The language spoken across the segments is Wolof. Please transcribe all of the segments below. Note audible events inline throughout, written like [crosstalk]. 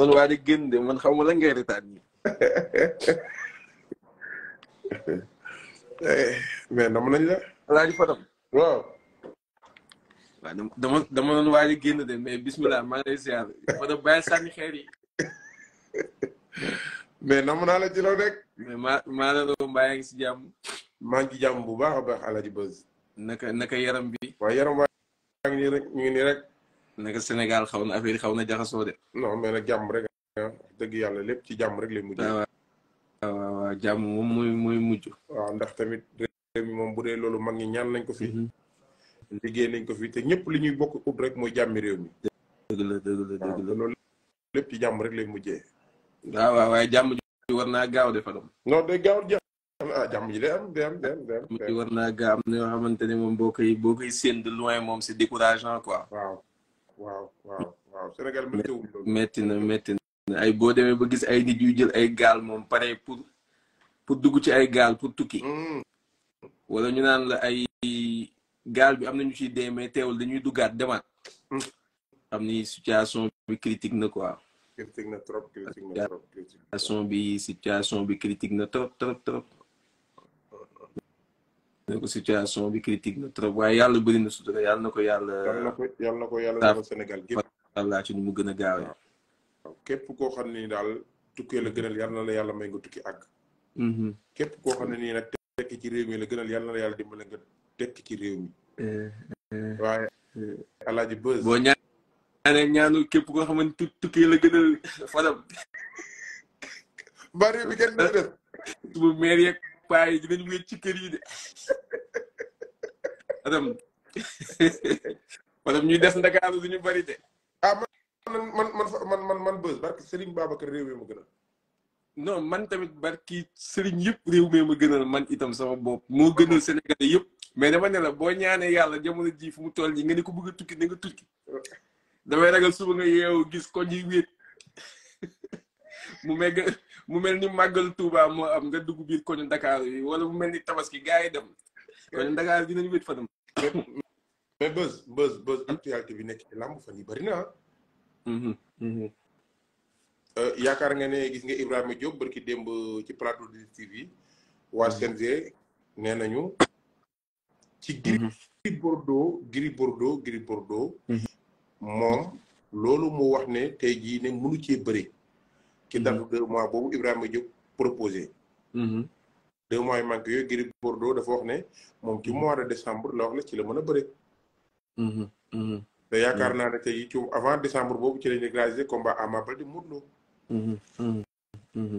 man waa di génn de man xaw ma la ngay retaan yi eh, mais nam nañ la alaaji Fadam waaw dama dama doon génn de mais bismillah maa ngi lay ziar Fadam bàyyi sànni xeer yi mais nam naa la ci law rek mais maa maa la doon mbaa ngi si jàmm maa ngi bu baax a baax alaaji Buzz naka naka yaram bi waaw yaram waa ngi nii rek naka Sénégal xaw na affaire yi xaw na jaxasoo de. non mais nag jàmm rek ah dëgg yàlla lépp ci jàmm rek lay mujj. Ah, waaw waaw waaw jàmm moom mooy mooy mujj. waaw ndax tamit réew mi moom bu dee loolu mag ñi ñaan nañ ko fi. Mhm. liggéey nañ ko fi te ñëpp li ñuy bokk ut rek mooy jàmmi réew mi. dëgg la dëgg la dëgg la loolu lépp ci jàmm rek lay mujjee. waaw ah, waaw waaye jàmm ji war naa gaaw de Fadam. non day gaaw jeex ah jàmm ji day am day am day am. jàmm ji war naa gaaw am na yoo xamante ne moom boo koy boo koy séen de loin moom c'est décourageant quoi. waaw. waaw waaw waaw Sénégal météo. métti na métti na ay boo demee ba gis ay nit yu jël ay gaal moom pare pour pour dugg ci ay gaal pour tukki. Mm. wala ñu naan la ay gaal bi am na ñu ciy dee teewul dañuy duggaat demaat. Mm. xam ni situation bi critique na quoi. critique na trop critique na trop situation bi situation critique na trop trop trop. ne ko situation bi critique na trop waaye yàlla bëri na sutura yàlla na ko yàlla. yàlla na ko yàlla na ko yàlla Sénégal gépp. wallaahi ci nu mu gën a gaawee. waaw képp koo xam ne ni daal tukkee la gënal yàlla na la yàlla may nga tukki àgg. Mm-hmm. képp koo xam ne nii nag ci réew mi la gënal yàlla na la yàlla dimbale nga tekki ci réew mi. Eh, eh. waaye eh, boo ñaanee ñaanul képp koo xam ne tukkee la gënal [laughs] fanam. mbaa réew mi bu meer paa yi dinañ wéet ci kër yi de madame [laughs] [laughs] madame ñuy des ndakaaru duñu bari de ah man man man man man man bës barki Serigne Babacar réew mi ma gënal non man tamit barki Serigne yëpp réew mi ma gënal man itam sama bopp moo gënal Sénégal yëpp mais dama ne la boo ñaanee yàlla jamono ji fu mu toll ji nga ne ko bëgg a tukki na nga tukki [laughs] damay ragal suba nga yeewu gis ko ñuy wéet mu meg mu mel ni màggal Touba moo am nga dugg biir koñu Dakar yi wala mu mel ni tabaski gars yi dem koñu Dakar dinañ wét dem mais buzz buzz buzz actualité bi nekk ci làmb fan yi bari na ah. Mhm. Mhm. Euh, yaakaar nga ne gis nga Ibrahima Diop barki démb ci plateau de TV waa cnz mhm. nee nañu. ci gri Bordeaux gri Bordeaux gri Bordeaux. moom loolu mu wax ne tey jii ne mënu cee bëri. ci date deux mois boobu Ibrahima Diop proposé. Mm-hmm. deux mois yu manqué yooyu Gris Bordeaux moom ci mois de décembre la wax ne ci la mën a bëre. Mm-hmm. Mm-hmm. te yaakaar naa ne tey ci avant décembre boobu ci lañ réalisé combat Ama Baldé Modou Lô.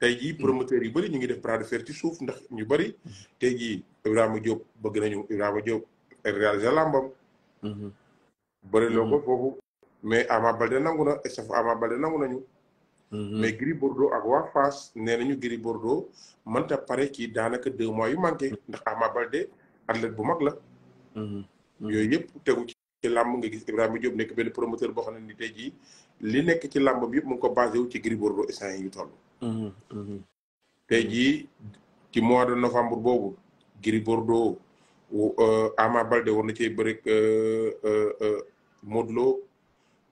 tey jii promoteurs yi bëri ñu ngi def bras de fer ci suuf ndax ñu bëri tey jii Ibrahima Diop bëgg nañu Ibrahima Diop réaliser làmbam. bëri loo ko foofu mais Ama Baldé nangu na et Ama Baldé nangu nañu. Mm-hmm. mais Gris Bordeaux ak waa Fass nee nañu Gris Bordeaux mënta pare ci daanaka deux mois yu manqué mm-hmm. ndax Ama Baldé athlète bu mag la. Mm-hmm. yooyu yëpp tegu ci làmb nga gis Ibrahima Diop nekk benn promoteur boo xam ne tey jii li nekk ci làmbam yëpp mu ko basé wu ci Gris Bordeaux instant yi ñu toll. tey jii ci mois de novembre boobu Gris Bordeaux euh, Ama Baldé war na cee bëri euh, euh, Modou Lo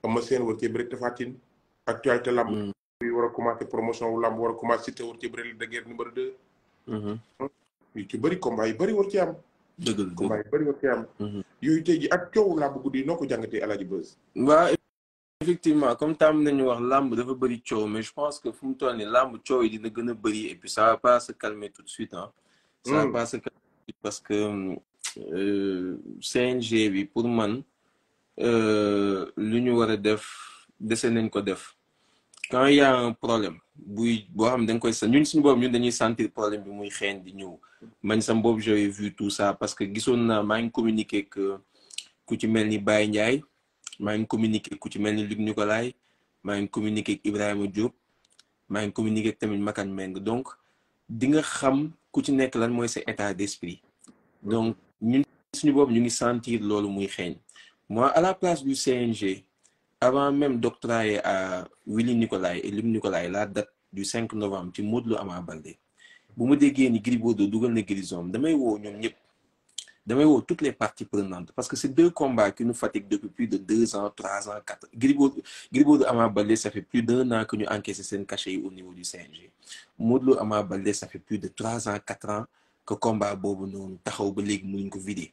Ama Sène war cee bëri Tapha Tine actualité làmb. bi war a commencé promotion wala làmb war a commencé ci te ci bëri de guerre numéro deux mhm. yu ci bëri combat yu bëri war ci am dëgg la combat yu bëri war ci am mhm. yooyu tey ji ak coowu làmb guddi noo ko jàngatee alaaji Beuz waa effectivement comme tam nañu wax làmb dafa bëri coow mais je pense que fu mu toll nii làmb coow yi dina gën a bëri et puis ça va pas se calmer tout de suite ah ça va hmm. pas se calmer parce que euh, CNG bi pour man Euh, lu ñu war a def dese nañ ko def quand il y a un problème oui, bon, xam da nga koy ñun suñu boobu ñun dañuy sentir problème bi muy xeeñ di ñëw Mais ça, boobu j'ai vu tout ça parce que gisoon naa maa communiqué que ku ci mel ni Baye Ndiaye maa communiqué ku ci mel ni Luc Nicolaï maa communiqué ak Ibrahima Diop maa ngi ak tamit Makan Meng donc di nga xam ku ci nek lan moy c'est état d'esprit donc ñun suñu boobu ñu ngi sentir lolu muy xeeñ moi à la place du CNG avant même d'octroyer euh, à Willy Nicolai et Lim Nicolai la date du 5 novembre ci Modou Lo Pour Baldé bu ma déggee ni Gris Bordeaux fait na damay toutes les parties prenantes parce que c'est deux combats qui nous fatiguent depuis plus de deux ans trois ans quatre ans. Gribo, Gris ça fait plus d'un an que nous enquêtons ces cachets au niveau du CNG Modou Lo ça fait plus de trois ans quatre ans que combat pour nous, taxaw ba vider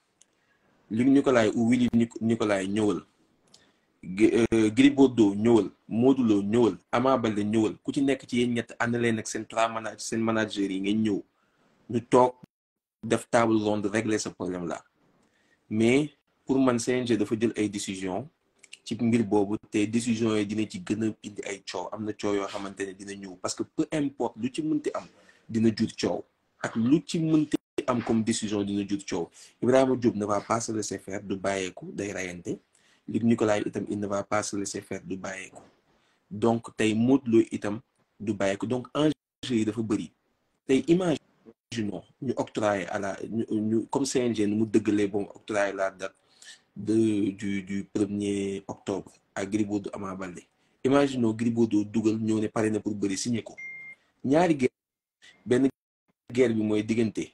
Luc Nicolaï ou Willy Nicolaï ñëwal euh, Gris Bordeaux ñëwal Modou Lo ñëwal Ama Baldé ñëwal ku ci nekk ci yéen ñett ànd leen ak seen trois seen manager yi ngeen ñëw ñu toog def table ronde régler ce problème la mais pour man CNG dafa jël ay décision ci mbir boobu te décision yi dina ci gën a indi ay coow am na coow yoo xamante ne dina ñëw parce que peu importe lu ci mënti am dina jur coow ak lu ci mënti am comme décision dina jur coow Ibrahima a ne va pas se laisser faire du bàyyeeku day rayante Luc Nicolaï itam il ne va pas se laisser du bàyyeeku donc tey Modou Lo itam du bàyyeeku donc enjeu yi dafa bëri tey image non ñu octroyé à la ñu comme CNG nu mu dëggalee ba mu octroyé la date de du premier octobre ak Gris Bordeaux Ama Baldé imaginons Gris Bordeaux dugal ñoo ne pare na pour bëri signé ko ñaari guerre benn bi mooy diggante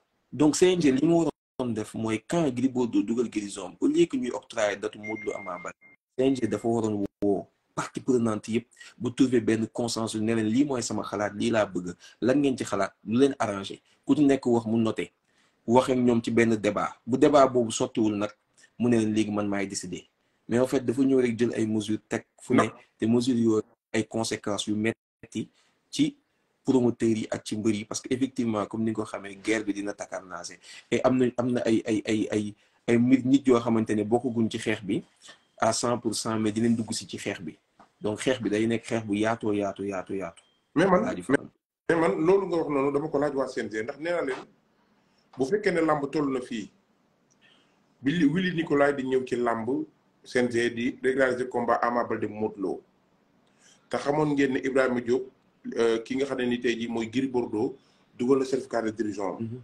donc CNG li mu waroon def mooy quand Gris Bordeaux dugal guérison au lieu que ñuy octroyer datu Modou Lô Ama Baldé CNG dafa waroon woo partie prenante yëpp bu trouver benn consensus ne leen lii mooy sama xalaat lii laa bëgg lan ngeen ci xalaat lu leen arrangé ku ci nekk wax mu noté wax ak ñoom ci benn débat bu débat boobu sottiwul nag mu ne leen léegi man maay décidé mais en fait dafa ñëw rek jël ay mesures teg fu ne te mesures yooyu ay conséquences yu metti ci promoteurs yi ak ci mbër yi parce que effectivement comme ni nga ko xamee guerre bi dina takarnaase et amna amna ay ay ay ay ay nit yo xamantene boko guñ ci xex bi à 100% pour cent mais dinañ dugg ci ci xex bi donc xex bi day nekk xex bu yaato yaato yaato yaato mais man mais man loolu nga wax noonu dama ko laaj wa CNG ndax nee naa bu fekkee ne lamb toll na fi bi Willy nicolay di ñëw ci lamb CNG di régulariser combat Ama Baldé Modou Lo te xamoon ngeen Ibrahima Diop. Euh, ki nga xam ne ni tey jii mooy Gris Bordeaux dugal na certificat de dirigeant mhm.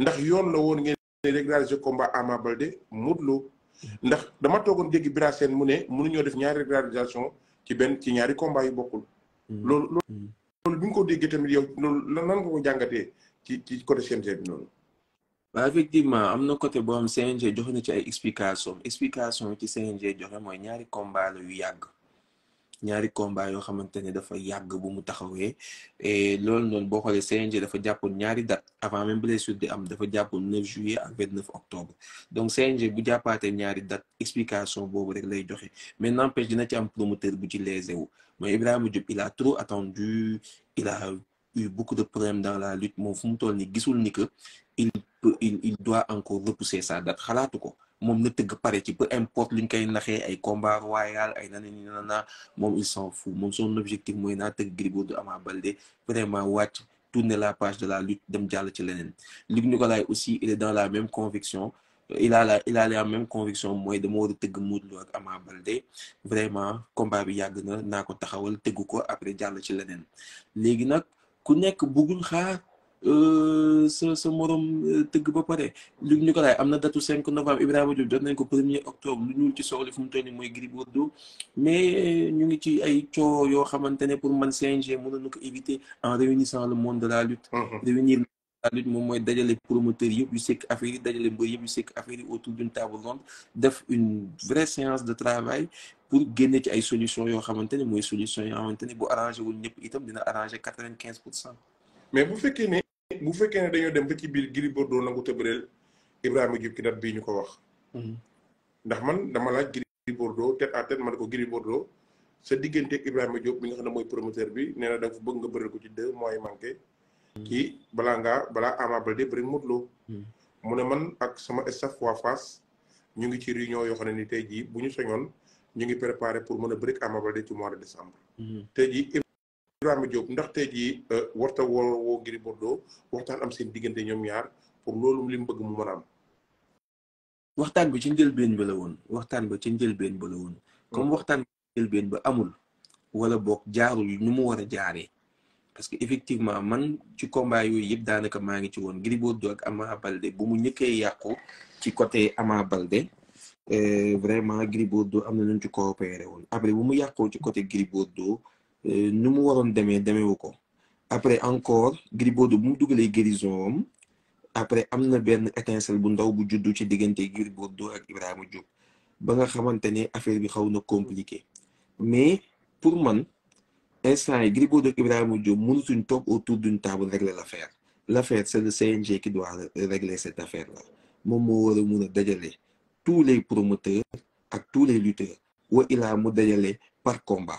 ndax yoon la woon ngeen régulariser combat Ama Baldé Modou Lô mhm. ndax dama toogoon dégg Bira Sène mu ne mënuñoo def ñaari régularisation ci benn ci ñaari combat yu bokkul mhm. loolu loolu bi nga ko déggee tamit yow loolu nan nga ko jàngatee ci ci côté CNG bi noonu waaw am na côté boo am CNG ci ay explication explication ci CNG joxe mooy ñaari combat la yu yàgg ñaari combat yo xamante dafa yàgg bu mu taxawé et c'est un jeu xoolee CNG dafa n'y ñaari date avant même blessure di am dafa jàppoon 9 juillet ak 29 octobre donc CNG bu jappaté ñaari date explication bobu rek lay joxe mais n'empêche dina ci am promoteur bu ci lésé wu mais Ibrahima Diop il a trop attendu il a eu beaucoup de problèmes dans la lutte moom fu mu toll ni gisul ni que il peut il doit encore repousser sa date xalatuko mom na teug paré ci peu importe liñ koy naxé ay combat royal ay nanani nanana mom il s'en fout moom son objectif moy na teug Gris du Ama Baldé vraiment wacc tourner la page de la lutte dem jàll ci leneen Luc Nicolaï aussi il est dans la même conviction il a la il a la même conviction moy de war teug tëgg ak Ama Baldé vraiment combat bi yag na nako taxawal teugou ko après jàll ci lenen légui nak ku nek bugul xaar ce euh, ce morom e, tëgg ba pare ñu ko lay amna datu 5 novembre Ibrahima Diop jot nañ ko 1er octobre lu ñuul ci soxli fu mu toll moy grippe Gris mais e, ñu ngi ci ay coow yoo xamante pour man CNG mu ñu ko éviter en réunissant le monde de la lutte. Mm-hmm. réunir la lutte moom mooy dajale promoteurs yëpp yu sék affaire dajalé dajale mbër yu sék affaire autour d'une table ronde def une vraie séance de travail. pour génne ci ay solutions yo xamantene moy solution yo xamantene bu arrangé wul ñep itam dina arrangé 95% mais bu fekkee ne bu fekkee ne dañoo dem ba ci biir giri Bordeaux nangu tëbëreel Ibrahima Diop ki dat bii ñu ko wax. Hmm. ndax man dama laaj giri Bordeaux tête à tête ma ne ko giri Bordeaux sa digganteeg Ibrahima Diop mi nga xam ne mooy promoteur bi nee na da nga fa bëgg nga bëreel ko ci deux mois yi manqué. Hmm. ki bala nga bala amable de bëri Modou Lô. Hmm. mu ne man ak sama staff waa face ñu ngi ci réunion yoo xam ne ni tey jii bu ñu soñoon ñu ngi préparé pour mën a bëri amable de ci mois de décembre. tey jii Ibrahima Diop ndax tey jii euh, warta woo woo Gris Bordeaux waxtaan diggante ñoom ñaar pour loolu li mu bëgg mu mën a am. waxtaan ci njëlbeen ba woon waxtaan ba ci njëlbeen ba la woon. comme hmm. waxtaan bi ba amul. wala boog jaarul ñu mu war a jaaree. parce que effectivement man ci combat yooyu yëpp daanaka maa ngi ci woon Gris Bordeaux ak Ama Balde bu mu ñëkkee yàqu ci côté Ama Balde euh, vraiment Gris Bordeaux am na ñu ci coopéré woon après bu mu yàqoo ci côté Gris Bordeaux Euh, Nous mu waroon demain, demain ko après encore Gribaud de bu mu dugalee guérison après Amna Ben étincelle bu ndaw bu du ci diggante Gribaud Bordeaux ak Ibrahima Diop ba nga xamante affaire bi compliquée mais pour man instant Gribaud et Ibrahim ak Ibrahima Diop autour d'une table régler l'affaire l'affaire c'est le CNG qui doit régler cette affaire là moom moo tous les promoteurs ak tous les lutteurs où il a dajale par combat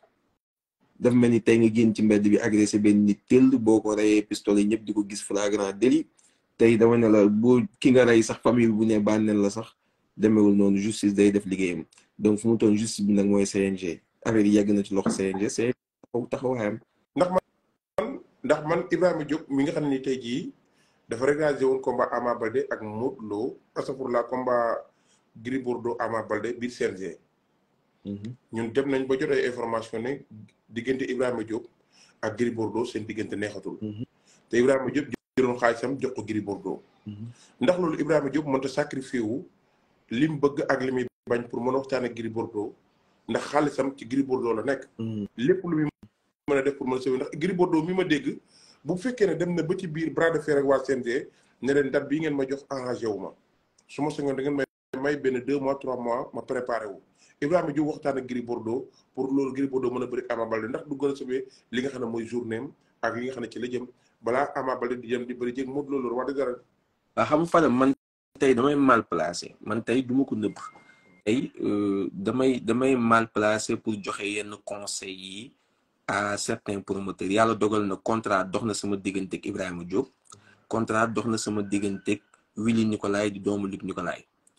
def mel ni tey nga génn ci mbedd bi agressé benn nit tëll boo ko reyee pistolet ñëpp di ko gis flagrant délit tey dama ne la boo ki nga rey sax famille bu ne bànneel la sax demewul noonu justice day def liggéeyam donc fu mu toon bi nag mooy CNG affaire yi yàgg na ci loxo CNG CNG taxaw taxawaayam ndax man ndax man Ibrahima Diop mi nga xam ne tey jii dafa réalisé woon combat Ama Baldé ak Modou Lo asafur la combat Gris Bordeaux Ama Baldé biir CNG Mhm. ñun dem nañ ba jot ay information ne diggante Ibrahima Diop ak Gris Bordeaux seen diggante neexatul. Mhm. te Ibrahima Diop jëloon xaalisam jox ko Gris Bordeaux. Mhm. ndax loolu Ibrahima Diop mënta sacrifié wu li mu bëgg ak li bañ pour mën a waxtaan ak Gris Bordeaux ndax xaalisam ci Gris Bordeaux la nekk. lépp lu muy mën a def pour mën a sauver ndax Gris mi ma dégg bu fekkee ne dem na ba ci biir bras de fer waa CNG ne leen date bii ngeen ma jox arrangé wu ma su ma sañoon da ngeen may may benn deux mois trois mois ma préparé wu Ibrahima Diouf waxtaan ak Gris Bordeaux pour loolu Gris Bordeaux mën a bëri Ama Baldé ndax du gën a sobee li nga xam ne mooy journée am ak li nga xam ne ci la jëm balaa Ama Baldé di jëm di bëri jéeg moo Lo loolu wax dëgg dara. waaw xam fan man tey damay mal placé man tey du ma ko nëbb tey euh, damay damay mal placé pour joxe yenn conseil yi à certains promoteurs yàlla dogal na contrat dox na sama digganteeg Ibrahima Diop contrat dox na sama digganteeg Willy Nicolai di doomu Luc Nicolai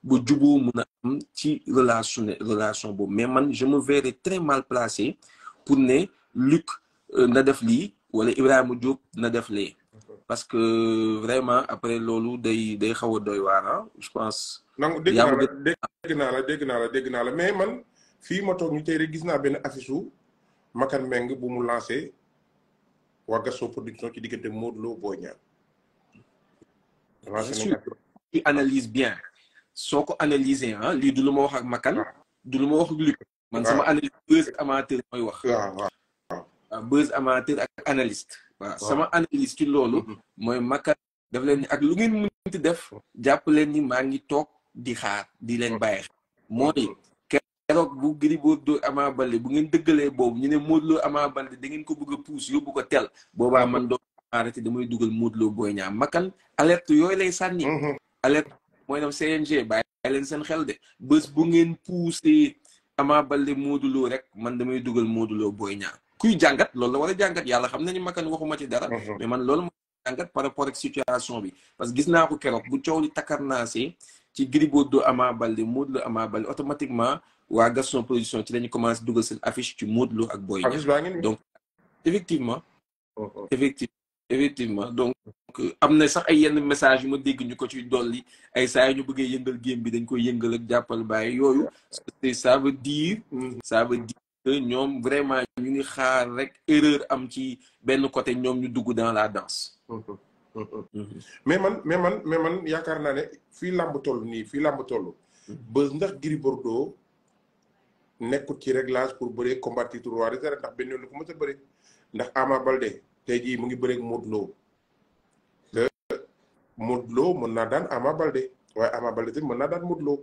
bu juboo mun ci relation relation boobu mais man je me verrais très mal placé pour ne Luc euh, na def lii wala Ibrahima Diop na def lee parce que vraiment après loolu day day xaw a doy waar hein, je pense. nangu dégg naa la dégg naa la dégg naa la dégg naa la mais man fii ma toog ñu tey rek gis naa benn affiche su Meng bu mu lancé waa Gaston production ci diggante Modou Lo Boy Niang. bien sûr analyse bien. soko analyser hein ah, li du luma wax ak Makan. Ah. du luma wax ak man sama ah. analyse buzz amateur moy wax. waaw waaw buzz amateur ak analyste. sama analyse ci lolu moy mm-hmm. Makan daf len ni ak lu ngeen mënti def. japp len ni ma ngi tok di xaar di len baye mooy mm-hmm. kérok bu bo do Ama balé bu ngeen deugalé boobu ñu né modlo Ama Baldé da ngeen ko bëgg a yobbu ko tel boba man mm-hmm. do arrêté damay duggal modlo Boy Niang Makan alerte yoy lay sanni alerte mooy nam CNG bàyyi leen seen xel de bés bu ngeen poussé Ama Baldé Modou rek man damay dugal Modou Lo Boy Niang kuy jàngat loolu la war jàngat yàlla xam nañu makan waxuma ci dara mhm. mais man loolu mooy jàngat par rapport ak situation bi parce que gis naa ko keroog bu coow li takkarnaase ci Gris Bordeaux Ama Baldé Modou Lo Ama Baldé automatiquement waa Gaston production ci lañu commencé dugal seen affiche ci Modou Lo ak Boy Niang donc effectivement oh, oh. effectivement effectivement donc am sax ay yenn message yu ma dégg ñu ko ci dolli ay saa ñu bëggee yëngal game bi dañ koy yëngal ak jàppal bàyyi yooyu ça veut dire hmm, ça veut dire que ñoom vraiment ñu ngi xaar rek erreur am ci benn côté ñoom ñu dugg dans la danse [laughs] mais man mais man mais man yaakaar naa ne fii làmb toll nii fii làmb toll ba ndax Gris Bordeaux nekkut ci réglage pour bëree combattre roi des ndax benn yoon ko mos a bëri ndax Ama Baldé tey jii mu ngi bëreeg Modou Lo te Modou Lo mën naa daan Ama Baldé waaye Ama Baldé tamit mën naa daan Modou Lo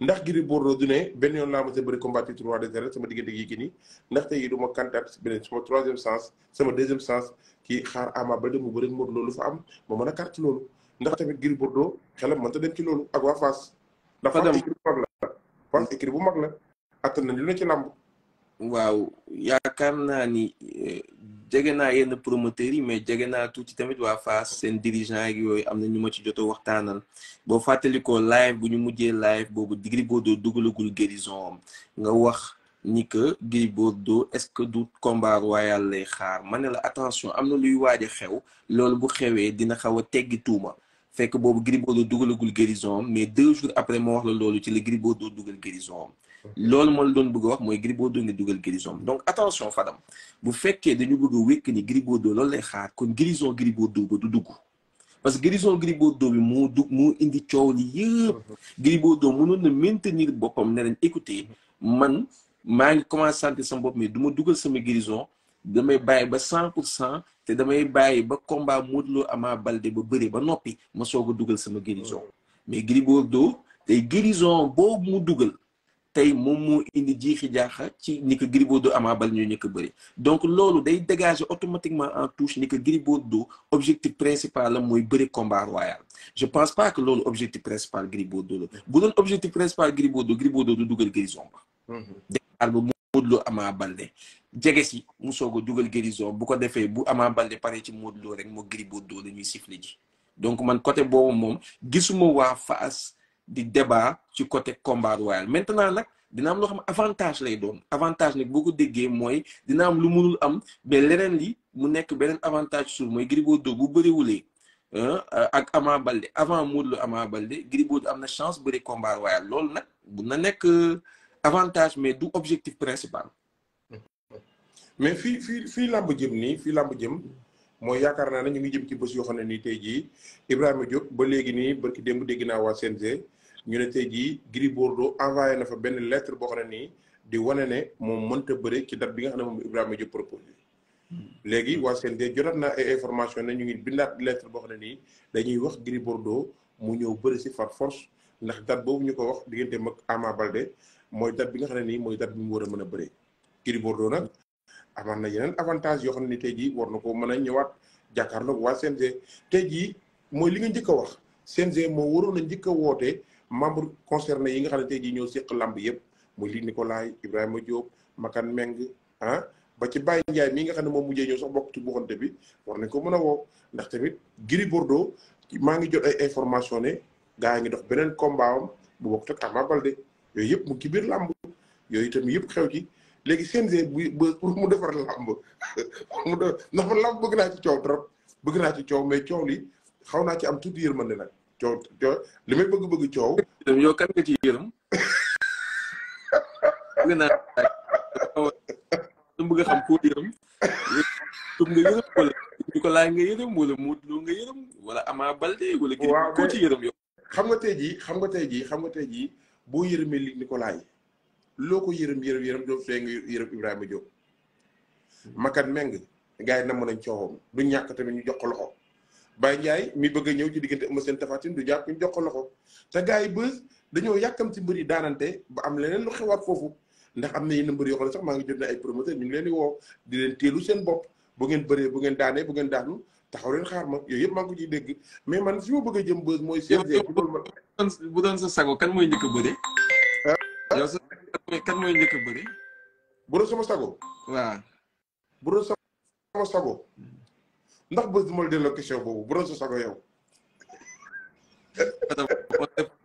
ndax Gris Bordeaux du ne benn yoon laa mos a bëri combat titre de des sama diggante yi kii nii ndax tey jii du ma candidat sama troisième sens sama deuxième sens kii xaar Ama Baldé mu bëreeg Modou Lo lu fa am ma mën a carte loolu ndax tamit Gris Bordeaux xelam mënta dem ci loolu ak waa Fass. dem Fass écurie bu mag la Fass écurie bu mag la attan nañ lu ne ci làmb. waaw yaakaar naa ni euh, jege naa yenn promoteurs yi mais jege touti tamit wa face sen dirigeant yeeg yooyu am na ci jotoo waxtanal bo fateliko live bu ñu mujjee live bobu Gris do dugalagul guérison nga wax ni que gribo do est-ce que du combat royal lay xaar ma la attention amna luy waaj xew loolu bu xewé dina xawa a tuuma fekk bobu gribo do dugalagul guérison mais deux jours après mo wax la loolu ci le gribo do dugul guérison loolu moo la doon bëgg wax mooy gribo do nga dugal guérison donc attention Fadam bu fekkee dañu bëgg a wékk ni gribo do loolu lay xaar kon grison gribo do ba du dugg parce que grison gribo do bi moo du moo indi coow li yëpp Gris Bordeaux mënoon na maintenir boppam ne leen écoutez man maa ngi commencé sentir sama bopp mais du ma dugal sama guérison damay bàyyi ba cent pour cent te damay bàyyi ba combat Modou Lo Ama balde, ba bëre ba noppi ma soog a dugal sama guérison mais gribo do te grison boobu mu dugal tey moom mo indi jiixi jaaxa ci niko gribo do Bordeaux Ama Baldé ñoo ñëkk bëri donc lolu day dégager automatiquement en touche niko gribo do objectif principal la mooy bëri combat royal je pense pas que lolu objectif principal gribo do bu doon objectif principal gribo do gribo do du dugal Grissom mhm. ba départ bu modlo Lo Ama Baldé jege si mu soog a guérison bu ko defee bu Ama Baldé paré ci modlo rek mo gribo do dañuy ñuy siffler ji donc man côté boobu mom gisuma wa face di débat ci côté combat royal maintenant nak dina am lo xam avantage lay doon avantage nag boo ko déggee moy dina am lu mënul am mais leneen li mu nekk benen avantage suuf moy gribo do bu wulé hein euh, ak Ama Balde avant Modou Lô Ama Balde gribo do amna na chance bëri combat royal loolu nak bu na nekk euh, avantage mais du objectif principal mais fi fi fi lamb jëm ni fi lamb jëm moy yaakaar na ñu ngi jëm ci bëss yo xam ne nii tey jii Ibrahima Diop ba légui ni barki dembu dégg naa waa CNG ñu ne tey jii Gris Bordeaux envoyé na fa benn lettre boo xam ne nii di wane ne moom mënta bëre ci date bi nga xam ne moom Ibrahima Diop léegi waa CNG jotaat naa ay information ne ñu ngi bindaat lettre boo xam ne nii dañuy wax Gris Bordeaux mu ñëw bëri si far force ndax date boobu ñu ko wax diggante mag Ama Balde mooy date bi nga xam ne nii mooy date mu war a mën a bëree. Gris Bordeaux nag amaat na yeneen avantage yoo xam ne tey jii war na ko mën a ñëwaat jàkkaarloog waa CNG tey jii mooy li nga njëkk a wax CNG moo waroon a njëkk a woote membre concerné yi nga xam ne tey jii ñoo séq lamb yëpp muy li Nicolas Ibrahima Diop Makan Meng ah ba ci Baye Ndiaye mi nga xam ne moom mujjee ñëw sax bokk ci buxante bi war nañ ko mën a woo ndax tamit Gris Bordeaux maa ngi jot ay information ne gaa yi ngi dox beneen comba am bu bokkut ak Ama Baldé yooyu yëpp mu ci biir làmb yooyu tamit yëpp xew ci léegi CNG bu pour mu defar làmb mu def ndax man làmb bëgg naa ci coow trop bëgg naa ci coow mais coow li xaw naa ci am tuuti yërmande nag coow coow li bëgg bëgg coow. yow kan nga ci yërëm. bëgg bëgg xam koo wala ñu ko laaj nga yërëm wala Modou Lo wala Ama Balde wala. ci yërëm yow. xam nga tey jii xam nga tey jii xam nga tey jii boo yërëmee li Nicolas yi loo ko yërëm yërëm yërëm doo fee nga yërëm Ibrahima Diop. Makan Meng gars yi namm nañ coowam du ñàkk tamit ñu jox loxo. Baye Ndiaye mi bëgg a ñëw ci diggante Eumeu Sène Tapha Tine du jàpp ñu jox ko loxo te gars yi bës dañoo yàkkam ci mbër yi daanante ba am leneen lu xewaat foofu ndax am na yenn mbër yoo xam ne sax maa ngi jot na ay ñu ngi leen di woo seen bopp bu ngeen bëree bu ngeen bu ngeen daanu taxaw leen xaar ma yooyu yëpp maa ngi ko ciy dégg mais man si ma bëgg a jëm bës mooy CNG bu doon bu doon sa sago kan mooy njëkk a bëri yow sa kan mooy njëkk a bëri bu doon sama sago waaw bu doon sama sago ndax bés du ma la question boobu bu doon sago yow.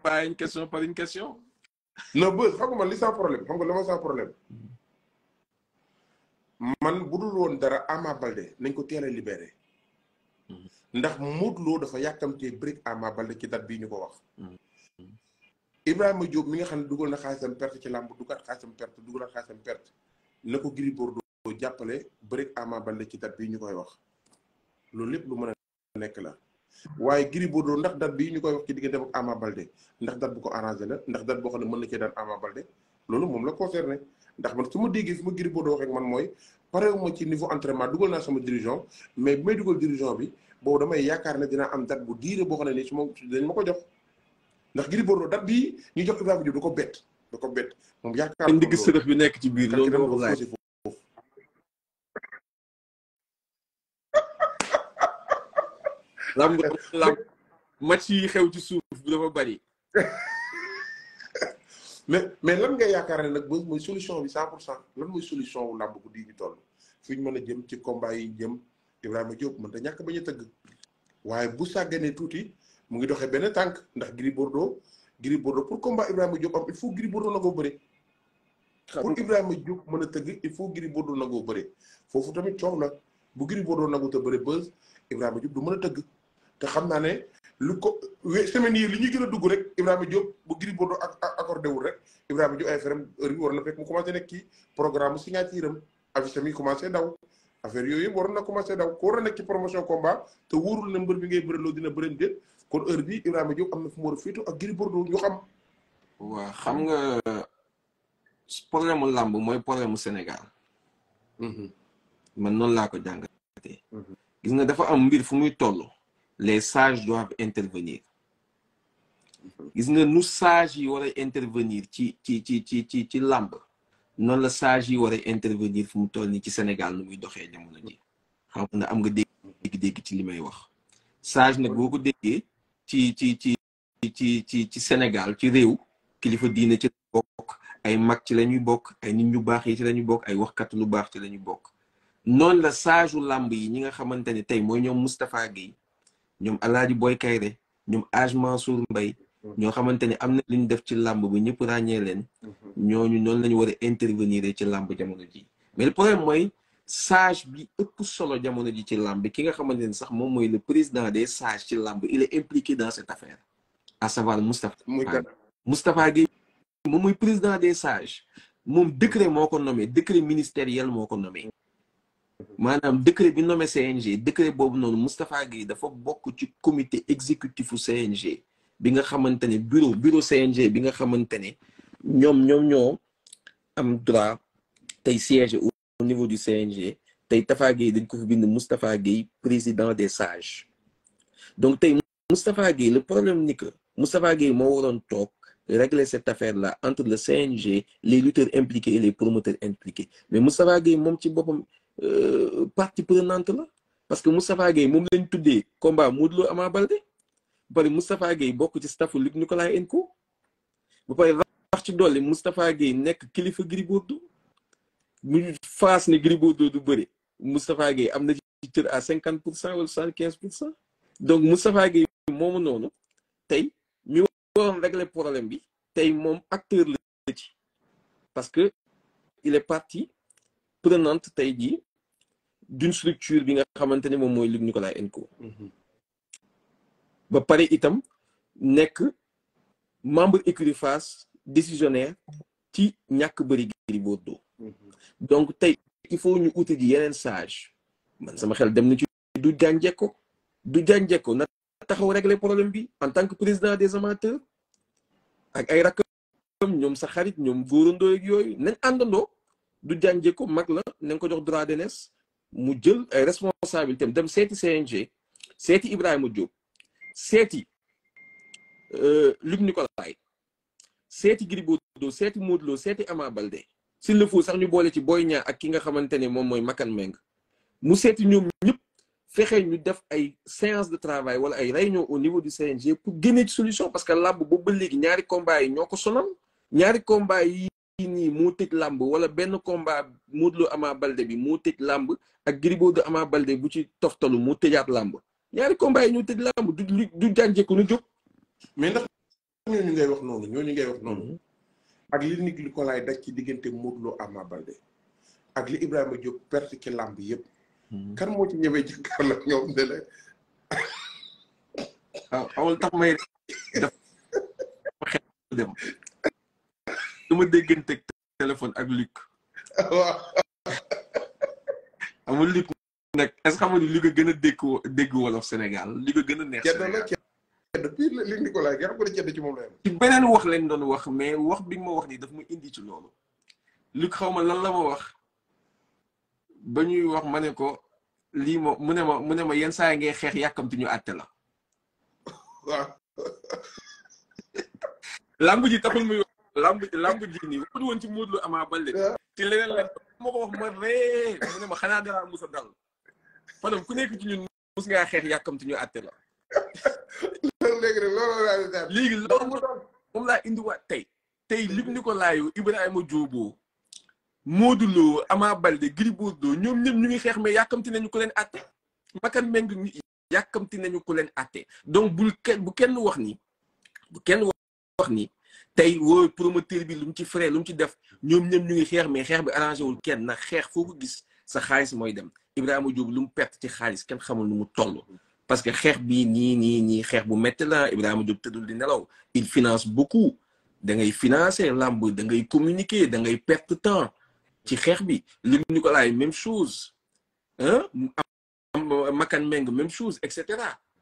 pas une question pas une question. non bés xam nga man li sans problème xam nga li ma sans problème. man bu dul woon dara Ama Balde nañ ko teel a libéré. ndax Modou dafa yàkkamtee brique Ama Balde ci dat bii ñu ko wax. Ibrahima Diop mi nga xam ne dugal na xaalisam perte ci làmb dugaat xaalisam perte na xaalisam perte na ko Gris Bordeaux jàppale brique Ama Balde ci dat bii ñu koy wax. loolu lépp lu mën a nekk la waaye Gris Bordeaux ndax date bi ñu koy wax ci diggante ak Ama Baldé ndax date bu ko arrangé la ndax date boo xam ne mën na cee daan Ama loolu moom la concerné ndax man su ma déggee su ma Gris Bordeaux waxee man mooy parewuma ci niveau entraînement dugal naa sama dirigeant mais bi may dugal dirigeant bi boobu damay yaakaar ne dina am date bu diire boo xam ne nii su ma dañ ma ko jox ndax Gris Bordeaux date bii ñu jox Ibrahima Diop du ko bett du ko bett moom yaakaar ndig sërëf bi nekk ci biir làmb làmb [laughs] match yi xew ci suuf bi dafa bari [laughs] mais mais lan nga yaakaar ne nag mooy solution bi cent pour cent lan mooy solution wu làmb bu di ñu toll fi mën a jëm ci combat yi jëm Ibrahima Diop mën ta ñàkk bañ a tëgg waaye bu sàgganee tuuti mu ngi doxee benn tànk ndax Gris Bordeaux Gris Bordeaux pour combat Ibrahima Diop am il faut Gris Bordeaux nagoo bëre pour Ibrahima Diop mën a tëgg il faut Gris Bordeaux nagoo bëre foofu tamit coow la bu Gris Bordeaux nagu ta bëre buzz Ibrahima Diop mën a tëgg te xam naa ne lu ko semaine yii li ñuy gën a dugg rek Ibrahima Diop bu Gris Bordeaux ak accordé wul rek Ibrahima Diop ay frèm heure bi war na fekk mu commencé nekk ci programme signature am affiche commencé daw affaire yooyu yëpp waroon na commencé daw ko war a nekk ci promotion combat te wóorul na mbër bi ngay bëriloo dina bërin déet kon heure bi Ibrahima Diop am na fu mu a féetu ak ñu xam waaw xam nga problème mu làmb mooy problème mu Sénégal mhm. man noonu laa ko jàngatee mhm. gis nga dafa am mbir fu muy toll les sages doivent intervenir mhm. gis nga nu sages yi war a intervenir ci ci ci ci ci ci làmb noonu la sages yi war a intervenir fu mu toll nii ci Sénégal nu muy doxee jamono ji xam na am nga dégg ci li may wax sage nag boo ko déggee ci ci ci ci ci ci Sénégal ci réew kilifa diine ci bokk ay mag ci lañuy bokk ay nit ñu baax yi ci lañuy bokk ay waxkat lu baax ci lañuy bokk noonu la sageu làmb yi ñi nga xamante ne tey mooy ñoom Moustapha Guèye ñoom alaaji Boy Kayre ñoom Age Mansour mbay mm-hmm. ñoo xamante ne am na lu ñu def ci làmb bi ñëpp ràññee leen mm-hmm. ñooñu noonu lañu war a intervenir ci làmb jamono ji mais le problème mooy sage bi ëpp solo jamono ji ci làmb ki nga xamante ne sax moom mooy le président des sages ci làmb il est impliqué dans cette affaire à savoir Moustapha Moustapha Gueye moom mooy président des sages moom décret moo ko nommé décret ministériel moo ko Madame, décret bi nommé CNG décret bobu non Moustapha Guèye dafa beaucoup ci comité exécutif ou CNG bi nga xamantene bureau bureau CNG bi nga xamantene ñom ñom ñoo am droit tay siège au niveau du CNG tay Tafa dañ ko fi bind président des sages donc tay Moustapha Guèye le problème ni que Moustapha Guèye mo waron tok régler cette affaire là entre le CNG les lutteurs impliqués et les promoteurs impliqués mais Moustapha Gaye, mon ci bopam euh, partie prenante là parce que Moustapha Gueye mom lañ tuddé combat Modou à Ama Baldé ba pare Moustapha Gueye bokk ci staff Luc Nicolaï Enko ba pare wax ci dolli Moustapha Gueye nek kilifa Griboudou Bordeaux face ni ne du bëri Moustapha Gueye amna ci cër à 50% ou cent donc Moustapha Gueye mom non, tay mi waroon régler problème bi tay mon acteur la ci parce que il est parti prenante tey jii d'une structure bi nga xamante ne moom mooy Luc Nicolaï Enco mhm. ba pare itam nekk membre écurie Fass décisionnaire ci ñàkk bëri Gris Bordeaux mhm. donc tey il faut ñu uti ji yeneen sage man sama xel dem na ci du jànjekko du jànjekko na taxaw régler problème bi en tant que président des amateurs ak ay rakkam ñoom sa xarit ñoom góorandoo ak yooyu nañ àndandoo du jànjee ko mag la na nga ko jox droit d'aînesse mu jël ay responsabilités dem seeti CNG seeti Ibrahima jóg seeti euh, Luc Nicolaï seeti Gris Bordeaux seeti Modou Lo seeti Ama balde si le faut sax ñu boole ci Boy Niang ak ki nga xamante ne moom mooy Makan Meng mu seeti ñoom ñëpp fexe ñu def ay séance de travail wala ay rey réunion au niveau du CNG pour génnee ci solution parce que làmb boobu ba léegi ñaari combat yi ñoo ko sonal ñaari combat yi kii nii moo tëj làmb wala benn combat Modou Lo Ama Balde bi moo tëj làmb ak Gris Bordeaux Ama Balde bu ci toftalu moo tëjaat làmb ñaari combat yi ñu tëj làmb du du jànjeeku nu jóg. mais ndax ñooñu ngay wax noonu ñooñu ngay wax noonu. Mm-hmm. ak li nit li ko laay daj ci diggante Modou Lo Ama Balde ak li Ibrahima Diop perte ci làmb yépp mm-hmm. kan moo ci ñëwee jàkkaar la ñoom de la. Ah, [laughs] ma déggante téléphone ak Luc. waaw. [laughs] amul Luc nag est-ce que xam nga gën a dégg dégg wolof Sénégal li nga gën a neex. Sénégal depuis li Nicolas ci moom beneen wax lañ doon wax mais wax bi ma wax nii daf ma indi ci loolu. Luc xaw ma lan la ma wax ba ñuy wax ma ne ko lii ma mu ne ma mu ne ma yenn saa ngay xeex yàkkamti ñu àtte la. [laughs] waaw. taxul muy lamb lamb ji nii waxuñu woon ci Modou Lo Ama ci leneen la moo ko wax ma ree mu ne ma xanaa dara musa dal Fadam ku nekk ci ñun mus ngaa xeex yàkkamti ñu àtte la léegi rek loolu laa daal léegi moom laa indiwaat tey tey lim ni ko laayu Ibrahima Dioboo Modou Lo Ama Baldé Gris ñoom ñëpp ñu ngi xeex mais yàkkamti nañu ko leen àtte makan meng yàkkamti nañu ko leen àtte donc bul bu kenn wax ni bu kenn wax ni tey woy promoteur bi lu mu ci frais lu ci def ñom ñam ñu ngi xeex mais xeex bi arrangé wul kenn na xeex foo gis sa xaliss moy dem Ibrahima Diop lu mu ci xaliss kenn xamul nu mu toll parce que xeex bi ni ni ni xeex bu métti la Ibrahima Diop tëddul di nelaw il finance beaucoup da ngay financer lamb da ngay communiquer da ngay perte temps ci xeex bi li ñu même chose hein am makan meng même chose et cetera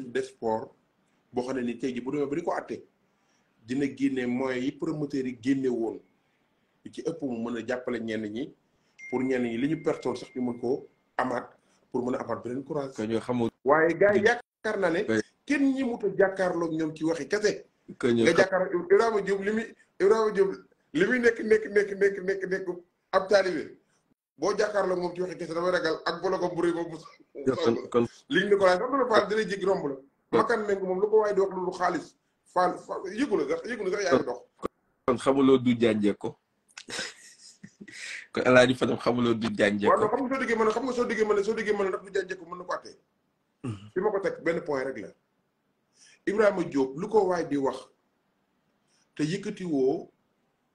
des sports boo xam ne ni tey jii bu demee ba di ko atte dina génne moyens yi promoteurs yi génne woon li ci ëpp mu mën a jàppale ñenn ñi pour ñenn ñi li ñu pertoon sax ñu mën ko amaat pour mën a amaat beneen courage. que ñoo xamul waaye gars yi naa ne. kenn ñi mut a jàkkaarloog ñoom ci waxi kese. que ñoo nga jàkkaarloog Ibrahima Diop li muy Ibrahima Diop li muy nekk nekk nekk nekk nekk nekk ab taalibe boo jàkkaarloo moom ci waxi kese damay ragal ak bologom bu rëy boobu mu kon liñ ne ko laaj xam na Fall dina jéggi romb la makan méng moom lu ko waaye di wax xaalis Fall yëgu na sax yëgu na sax yaa ngi dox kon xamuloo jànjee ko kon alaaji Fadam xamuloo du jànjee ko waaw xam nga soo xam nga soo déggee mën soo déggee mën ndax du jànjee ko mën na ko àttee hmm. fi ma ko teg benn point rek la lu ko waay di wax te yëkkati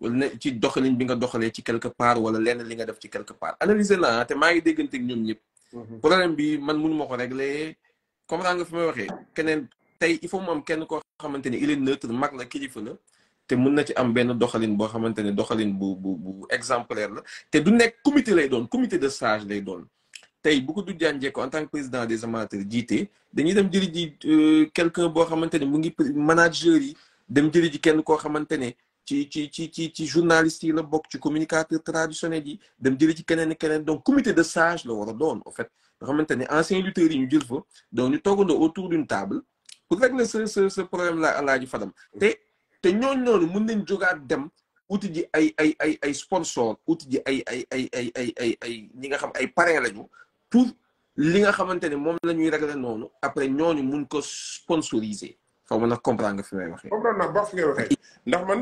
wala ne ci doxalin bi nga doxalee ci quelque part wala lenn li nga def ci quelque part analyser la te maa ngi déggante ak ñoom ñëpp. Mhm. problème bi man mënu ma ko régler comprendre nga fi may waxee keneen tey il faut moom kenn koo xamante ni il est neutre mag la kilifa la te mën na ci am benn doxalin boo xamante ne doxalin bu bu bu exemplaire la te du nekk comité lay doon comité de sage lay doon tey bu ko du jànjee ko en tant que président des amateurs jiite dañuy dem jëli ji euh, quelqu'un boo xamante ne mu ngi manager yi dem jëli ji kenn koo xamante ne ci ci ci ci ci journaliste yi la bokk ci communicateur traditionnel yi dem jëli ci keneen keneen donc comité de sages la war a doon en fait nga xamante ne anciens lutteurs yi ñu jël fa donc ñu toogandoo autour d'une table pour régler ce ce ce problème la Alaaji Fadam te te ñooñu noonu mën nañ jógaat dem uti ji ay ay ay ay sponsor uti ji ay ay ay ay ay ay ay ñi nga xam ay parrain lañu pour li nga xamante ne moom la ñuy régler noonu après ñooñu mun ko sponsoriser xaw ma nag comprendre nga fi may waxee. comprendre naa ngay waxee ndax man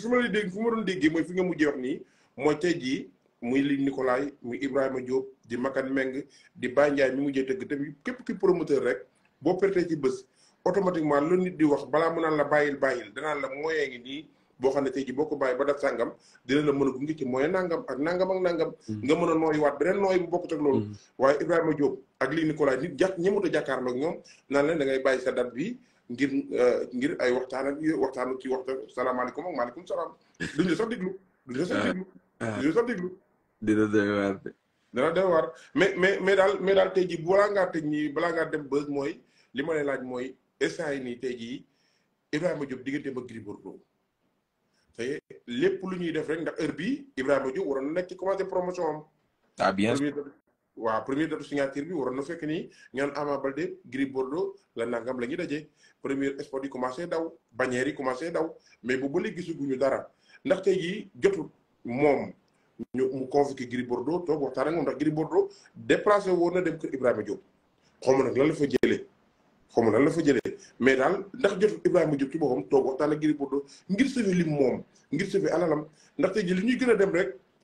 su ma lay dégg fu ma doon déggee mooy fi nga mujjee wax nii mooy tey jii muy li Nicolas muy Ibrahima Diop di Makan Meng di Baye Ndiaye mi mujjee tëgg tamit képp ki promoteur rek boo pertee ci bés automatiquement lu nit di wax balaa mu naan la bàyyil bàyyil danaan la moyen ngi nii boo xam ne tey jii boo ko bàyyi ba def sàngam dina la mën a gunge ci moyen nangam ak nangam ak nangam. Mm. nga mën a nooyiwaat beneen nooy bu bokkut ak loolu. Mm. waaye Ibrahima Diop ak lii Nicolas nit jàpp ñëmut a jàkkaarloo ñoom naan leen dangay ngay sa date bi ngir euh, ngir ay waxtaan ak waxtaan kii waxtaan salaamaaleykum ak maaleykum salaam [laughs] duñu sax déglu duñu sax déglu ah, ah. sax déglu dina doy waar de dina doy waar mais mais mais daal mais daal tey jii balaa ngaa tëj balaa ngaa dem bëgg mooy li ma laaj mooy instant yi nii tey jii Ibrahima Diop diggante ba Gris Bordeaux te lépp lu ñuy def rek ndax heure bi Ibrahima Diop waroon na nekk ci commencé promotion am ah bien waaw première date signature bi waroon na fekk nii ñoon Ama Baldé Gris Bordeaux la nangam la ñuy daje première sport yi commencé daw bannière yi commencé daw mais boobu ba léegi gisuguñu dara ndax tey jii jotul moom ñu mu convoqué Gris Bordeaux toog waxtaan ak moom ndax Gris Bordeaux déplacé woon na dem kër Ibrahima Diop xaw ma nag la fa jëlee xaw ma la fa jëlee mais daal ndax jotul Ibrahima Diop ci boppam toog waxtaan ak Gris Bordeaux ngir sauver lim moom ngir sauver alalam ndax tey jii li ñuy gën a dem rek.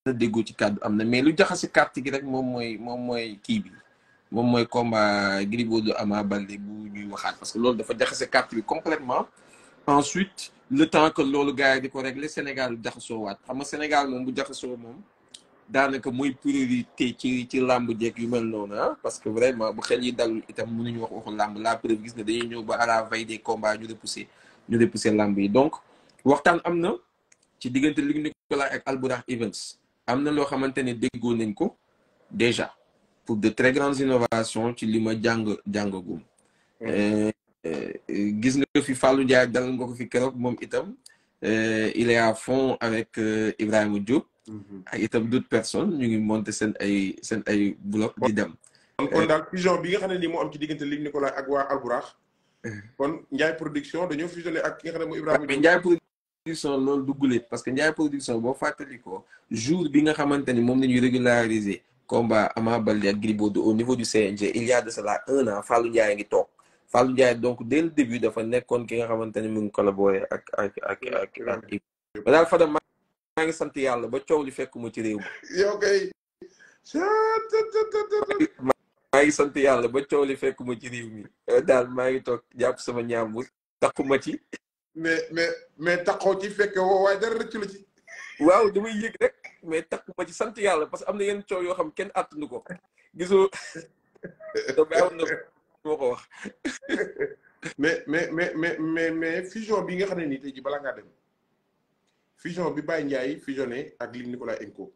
na déggoo ci cadre amna mais lu jaxase carte gi rek mom moy mom moy ki bi mom moy combat gribo do Ama Baldé bu ñuy waxat parce que loolu dafa jaxase carte bi complètement ensuite le temps que lolu gaay diko régler Sénégal jaxoso wat xam nga Sénégal moom bu jaxasoo moom daanaka moy priorité ci ci lamb jeeg yu mel non ah parce que vraiment bu xel yi dal itam ñu wax waxu lamb la preuve gis ne dañuy ñëw ba à la veille des combats ñu repousser ñu repousser lamb yi donc waxtan amna ci diggante Luc Nicolaï ak Albourakh Events amna lo xamantene xamante ne nañ ko déjà pour de très grandes innovations ci li ma jàng euh, euh gis nga fi Fallou Ndiaye dal nga ko fi keroog mom itam euh, il est à fond avec euh, Ibrahim Diop. Mhm. ak itam d'autres personnes ñu ngi monter sen ay sen ay bloc di dem. kon dal daal fusion bi nga xamné ne nii am ci diggante Luc Nicolas ak waa Alburax kon Ndiaye production dañu fusionné ak ki nga xamné ne mooy Diop. production loolu du guléet parce que Ndiaye production boo fàttalikoo jour bi nga xamante ni moom la ñuy régulariser combat Ama Baldé ak Gris Bordeaux au niveau du CNG il y a de cela un an Fallou ngi toog Fallou Ndiaye donc dès le début dafa nekkoon ki nga xamante ni mu ngi collaboré ak ak ak ak ak ba daal Fadam maa ngi sant yàlla ba coow li fekk ma ci réew mi yow kay maa ngi sant yàlla ba coow li fekk ma ci réew mi daal maa ngi toog jàpp sama ñaambur taxuma ci mais mais mais taxaw ci fekke woo waaye dara rëccu la ci. waaw damay yëg rek mais takku ma ci sant yàlla parce que am na yenn coow yoo xam kenn àttanu ko gisoo [laughs] te baaxul na moo ko wax. [laughs] mais mais mais mais mais mais fusion bi nga xam ne nii tey jii balaa ngaa dem fusion bi Baye Ndiaye fusionné ak Luc Nicolaï Enco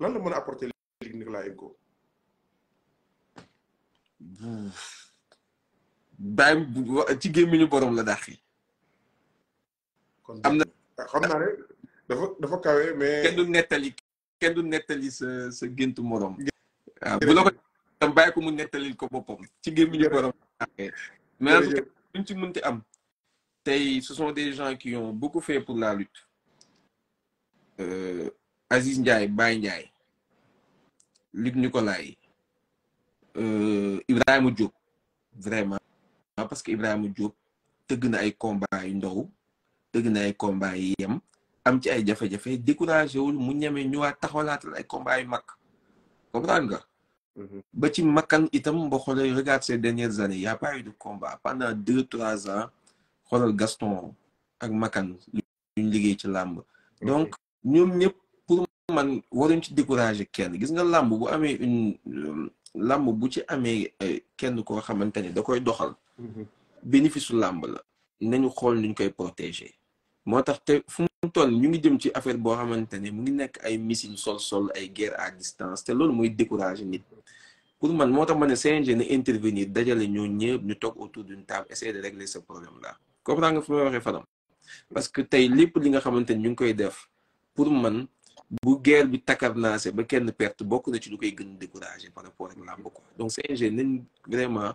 lan la mën a apporter Luc Nicolaï Enco. bay ci gémmiñu borom la dàqi. kon amna xamna xam dafa dafa kawé mais. kenn du netali kenn du netali sa sa gentu morom. Ah, bu la ko tam bàyyi ko mu nettalil ko bopom ci gémmiñu borom mais buñ ci munti am. tay ce sont des gens qui ont beaucoup fait pour la lutte. Euh, Aziz Ndiaye Baye Ndiaye. Luc Nicolaï. Euh, Ibrahim Diop vraiment. parce que Ibrahima Diop tëgg na ay combat yu ndaw tëgg na ay combat yi yem am ci ay jafe-jafe découragé wul mu ñu waa taxawalaatal ay combat yu mag comprendre nga. Mhm. ba ci makkan itam boo xoolee regarde ces dernières années y' a pas eu de combat pendant deux trois ans xoolal Gaston ak makkan liggéey ci làmb. donc ñoom ñëpp pour man waruñ ci découragé kenn gis nga làmb bu amee une euh, làmb bu ci amee euh, kenn koo xamante ne da koy doxal. bénéfice lamb la nañu xol nuñ koy protéger motax tax te fu mu toll ñu ngi jëm ci affaire bo xamantene ne mu ngi nek ay missile sol-sol ay guerre à distance te loolu moy décourager nit pour man motax mané ma CNG na intervenir dajale ñoo ñëpp ñu tok autour d'une table essayer de régler ce problème là comprends nga fi waxé waxee Fadam parce que tay lépp li nga xamantene ni ñu ngi koy def pour man bu guerre bi takarnaase ba kenn perte bokku na ci lu koy gën décourager par rapport ak lamb quoi donc CNG nañ vraiment